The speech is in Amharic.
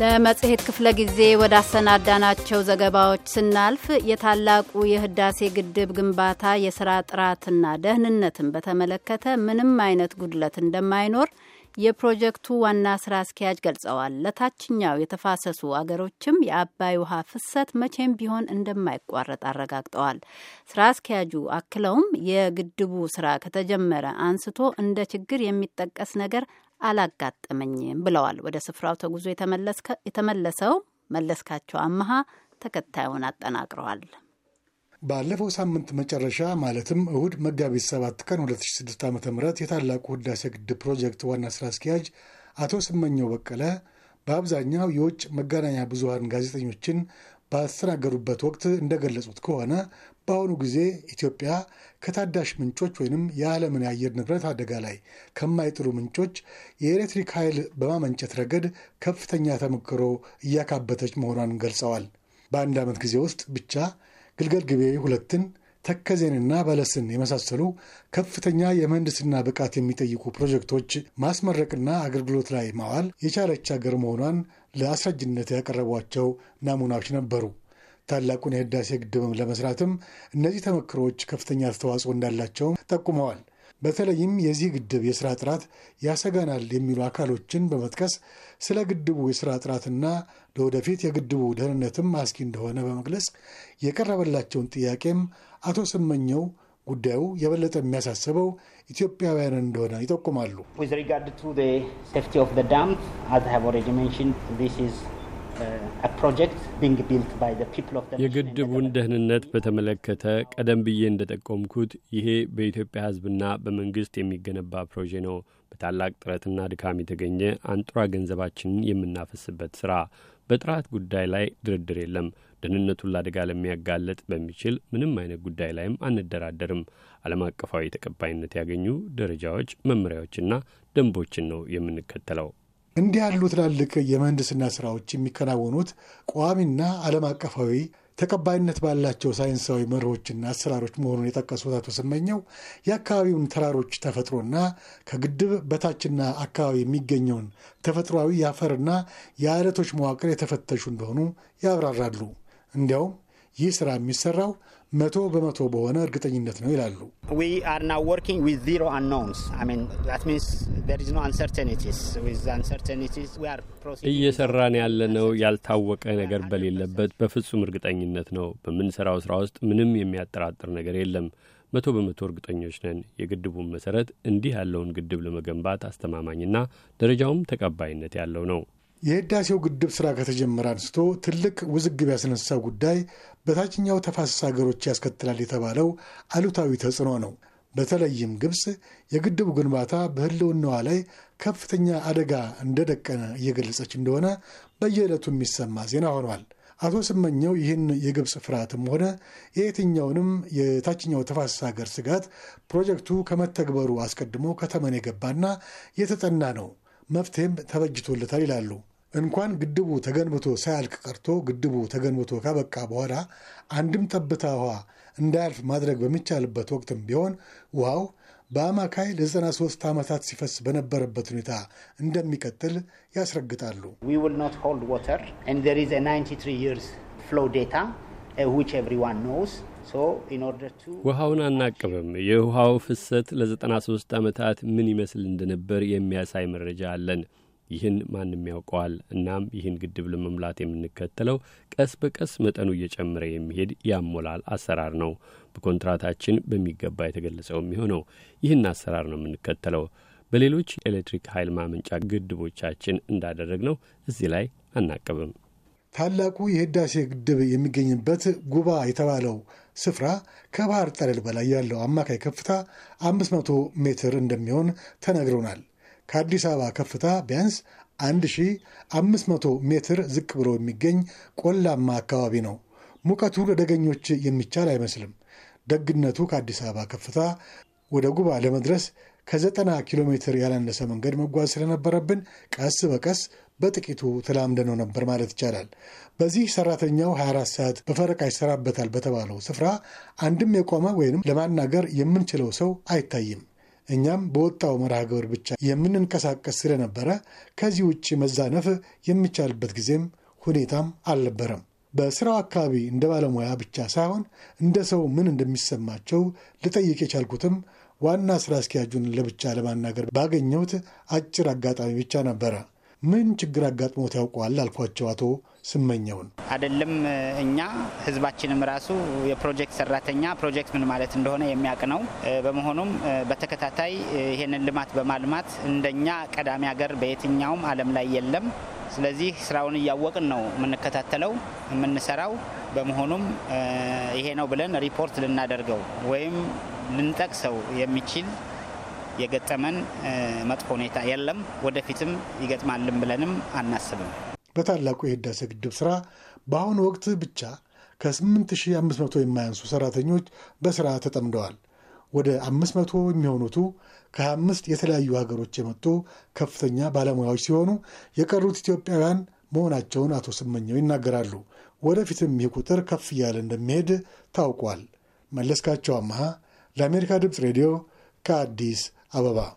ለመጽሔት ክፍለ ጊዜ ወደ አሰናዳናቸው ዘገባዎች ስናልፍ የታላቁ የህዳሴ ግድብ ግንባታ የስራ ጥራትና ደህንነትን በተመለከተ ምንም አይነት ጉድለት እንደማይኖር የፕሮጀክቱ ዋና ስራ አስኪያጅ ገልጸዋል። ለታችኛው የተፋሰሱ አገሮችም የአባይ ውሃ ፍሰት መቼም ቢሆን እንደማይቋረጥ አረጋግጠዋል። ስራ አስኪያጁ አክለውም የግድቡ ስራ ከተጀመረ አንስቶ እንደ ችግር የሚጠቀስ ነገር አላጋጠመኝም ብለዋል። ወደ ስፍራው ተጉዞ የተመለሰው መለስካቸው አመሃ ተከታዩን አጠናቅረዋል። ባለፈው ሳምንት መጨረሻ ማለትም እሁድ መጋቢት 7 ቀን 2006 ዓ ም የታላቁ ህዳሴ ግድብ ፕሮጀክት ዋና ስራ አስኪያጅ አቶ ስመኘው በቀለ በአብዛኛው የውጭ መገናኛ ብዙሃን ጋዜጠኞችን ባስተናገዱበት ወቅት እንደገለጹት ከሆነ በአሁኑ ጊዜ ኢትዮጵያ ከታዳሽ ምንጮች ወይንም የዓለምን የአየር ንብረት አደጋ ላይ ከማይጥሉ ምንጮች የኤሌክትሪክ ኃይል በማመንጨት ረገድ ከፍተኛ ተሞክሮ እያካበተች መሆኗን ገልጸዋል። በአንድ ዓመት ጊዜ ውስጥ ብቻ ግልገል ግቤ ሁለትን ተከዜንና በለስን የመሳሰሉ ከፍተኛ የምህንድስና ብቃት የሚጠይቁ ፕሮጀክቶች ማስመረቅና አገልግሎት ላይ ማዋል የቻለች ሀገር መሆኗን ለአስረጅነት ያቀረቧቸው ናሙናዎች ነበሩ። ታላቁን የህዳሴ ግድብም ለመስራትም እነዚህ ተመክሮዎች ከፍተኛ አስተዋጽኦ እንዳላቸውም ጠቁመዋል። በተለይም የዚህ ግድብ የሥራ ጥራት ያሰጋናል የሚሉ አካሎችን በመጥቀስ ስለ ግድቡ የሥራ ጥራትና ለወደፊት የግድቡ ደህንነትም አስጊ እንደሆነ በመግለጽ የቀረበላቸውን ጥያቄም አቶ ስመኘው ጉዳዩ የበለጠ የሚያሳስበው ኢትዮጵያውያን እንደሆነ ይጠቁማሉ። uh, የግድቡን ደህንነት በተመለከተ ቀደም ብዬ እንደጠቆምኩት ይሄ በኢትዮጵያ ሕዝብና በመንግስት የሚገነባ ፕሮጄ ነው። በታላቅ ጥረትና ድካም የተገኘ አንጡራ ገንዘባችንን የምናፈስበት ስራ። በጥራት ጉዳይ ላይ ድርድር የለም። ደህንነቱን ለአደጋ ለሚያጋለጥ በሚችል ምንም አይነት ጉዳይ ላይም አንደራደርም። ዓለም አቀፋዊ ተቀባይነት ያገኙ ደረጃዎች፣ መመሪያዎችና ደንቦችን ነው የምንከተለው። እንዲህ ያሉ ትላልቅ የምህንድስና ስራዎች የሚከናወኑት ቋሚና ዓለም አቀፋዊ ተቀባይነት ባላቸው ሳይንሳዊ መርሆችና አሰራሮች መሆኑን የጠቀሱት አቶ ስመኘው የአካባቢውን ተራሮች ተፈጥሮና ከግድብ በታችና አካባቢ የሚገኘውን ተፈጥሯዊ የአፈርና የአለቶች መዋቅር የተፈተሹ እንደሆኑ ያብራራሉ። እንዲያውም ይህ ስራ የሚሰራው መቶ በመቶ በሆነ እርግጠኝነት ነው ይላሉ። እየሰራን ያለነው ያልታወቀ ነገር በሌለበት በፍጹም እርግጠኝነት ነው። በምንሰራው ስራ ውስጥ ምንም የሚያጠራጥር ነገር የለም። መቶ በመቶ እርግጠኞች ነን። የግድቡን መሰረት እንዲህ ያለውን ግድብ ለመገንባት አስተማማኝና ደረጃውም ተቀባይነት ያለው ነው። የህዳሴው ግድብ ስራ ከተጀመረ አንስቶ ትልቅ ውዝግብ ያስነሳው ጉዳይ በታችኛው ተፋሰስ ሀገሮች ያስከትላል የተባለው አሉታዊ ተጽዕኖ ነው። በተለይም ግብፅ የግድቡ ግንባታ በህልውናዋ ላይ ከፍተኛ አደጋ እንደደቀነ እየገለጸች እንደሆነ በየዕለቱ የሚሰማ ዜና ሆኗል። አቶ ስመኘው ይህን የግብፅ ፍርሃትም ሆነ የየትኛውንም የታችኛው ተፋሰስ ሀገር ስጋት ፕሮጀክቱ ከመተግበሩ አስቀድሞ ከተመን የገባና የተጠና ነው፣ መፍትሄም ተበጅቶለታል ይላሉ። እንኳን ግድቡ ተገንብቶ ሳያልቅ ቀርቶ ግድቡ ተገንብቶ ካበቃ በኋላ አንድም ጠብታ ውሃ እንዳያልፍ ማድረግ በሚቻልበት ወቅትም ቢሆን ውሃው በአማካይ ለ93 ዓመታት ሲፈስ በነበረበት ሁኔታ እንደሚቀጥል ያስረግጣሉ። uh, ውሃውን አናቅምም የውሃው ፍሰት ለ93 ዓመታት ምን ይመስል እንደነበር የሚያሳይ መረጃ አለን። ይህን ማንም ያውቀዋል። እናም ይህን ግድብ ለመሙላት የምንከተለው ቀስ በቀስ መጠኑ እየጨመረ የሚሄድ ያሞላል አሰራር ነው። በኮንትራታችን በሚገባ የተገለጸው የሚሆነው ይህን አሰራር ነው የምንከተለው። በሌሎች ኤሌክትሪክ ኃይል ማመንጫ ግድቦቻችን ነው እዚህ ላይ አናቅብም። ታላቁ የህዳሴ ግድብ የሚገኝበት ጉባ የተባለው ስፍራ ከባህር ጠለል በላይ ያለው አማካይ ከፍታ 500 ሜትር እንደሚሆን ተነግሮናል። ከአዲስ አበባ ከፍታ ቢያንስ 1500 ሜትር ዝቅ ብሎ የሚገኝ ቆላማ አካባቢ ነው። ሙቀቱ ለደገኞች የሚቻል አይመስልም። ደግነቱ ከአዲስ አበባ ከፍታ ወደ ጉባ ለመድረስ ከዘጠና ኪሎ ሜትር ያላነሰ መንገድ መጓዝ ስለነበረብን ቀስ በቀስ በጥቂቱ ተላምደነው ነበር ማለት ይቻላል። በዚህ ሰራተኛው 24 ሰዓት በፈረቃ ይሰራበታል በተባለው ስፍራ አንድም የቆመ ወይንም ለማናገር የምንችለው ሰው አይታይም። እኛም በወጣው መርሃ ግብር ብቻ የምንንቀሳቀስ ስለነበረ ከዚህ ውጭ መዛነፍ የሚቻልበት ጊዜም ሁኔታም አልነበረም። በስራው አካባቢ እንደ ባለሙያ ብቻ ሳይሆን እንደ ሰው ምን እንደሚሰማቸው ልጠይቅ የቻልኩትም ዋና ስራ አስኪያጁን ለብቻ ለማናገር ባገኘሁት አጭር አጋጣሚ ብቻ ነበረ። ምን ችግር አጋጥሞት ያውቀዋል አልኳቸው አቶ ስመኛውን። አይደለም እኛ ህዝባችንም ራሱ የፕሮጀክት ሰራተኛ ፕሮጀክት ምን ማለት እንደሆነ የሚያውቅ ነው። በመሆኑም በተከታታይ ይህንን ልማት በማልማት እንደኛ ቀዳሚ ሀገር በየትኛውም ዓለም ላይ የለም። ስለዚህ ስራውን እያወቅን ነው የምንከታተለው የምንሰራው። በመሆኑም ይሄ ነው ብለን ሪፖርት ልናደርገው ወይም ልንጠቅሰው የሚችል የገጠመን መጥፎ ሁኔታ የለም። ወደፊትም ይገጥማልን ብለንም አናስብም። በታላቁ የህዳሴ ግድብ ስራ በአሁኑ ወቅት ብቻ ከ8500 የማያንሱ ሰራተኞች በስራ ተጠምደዋል። ወደ 500 የሚሆኑቱ ከ25 የተለያዩ ሀገሮች የመጡ ከፍተኛ ባለሙያዎች ሲሆኑ የቀሩት ኢትዮጵያውያን መሆናቸውን አቶ ስመኘው ይናገራሉ። ወደፊትም ይህ ቁጥር ከፍ እያለ እንደሚሄድ ታውቋል። መለስካቸው አመሃ ለአሜሪካ ድምፅ ሬዲዮ Addis Ababa.